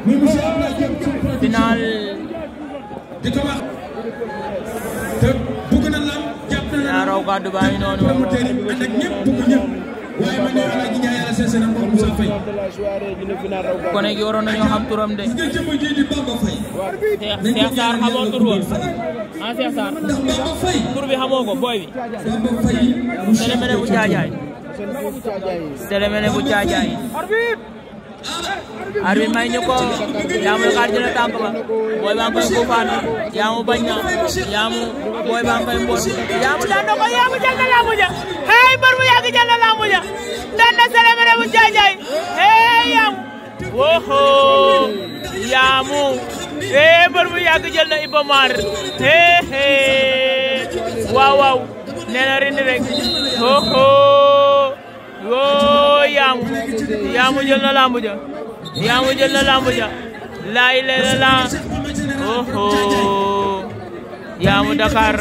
final di ko wax te bëgg na lam jàpp na la raw gàddu baa ngi noonu waaye man de Alaaji Njaay yàlla seesee na ko Moussa Faye turam de Cheikh Sarr xamoo tur woon ah Cheikh Sarr booy bi selemene bu caajaay selemene bu caajaay arbitre may ñu ko yaamu xaar dina tàmp ba booy baa koy yaamu bañ na yaamu booy baa koy mboot yaamu daan ko yaamu jël na laamu ja hey bër na laamu ja daan na célébré bu jaajaay hey yaamu woho yaamu hey na Iba Mar hey hey waaw waaw nee na rindi rek yaamu jël na lambu ja yaamu jël na lambu ja laay leela la oho yaamu Dakar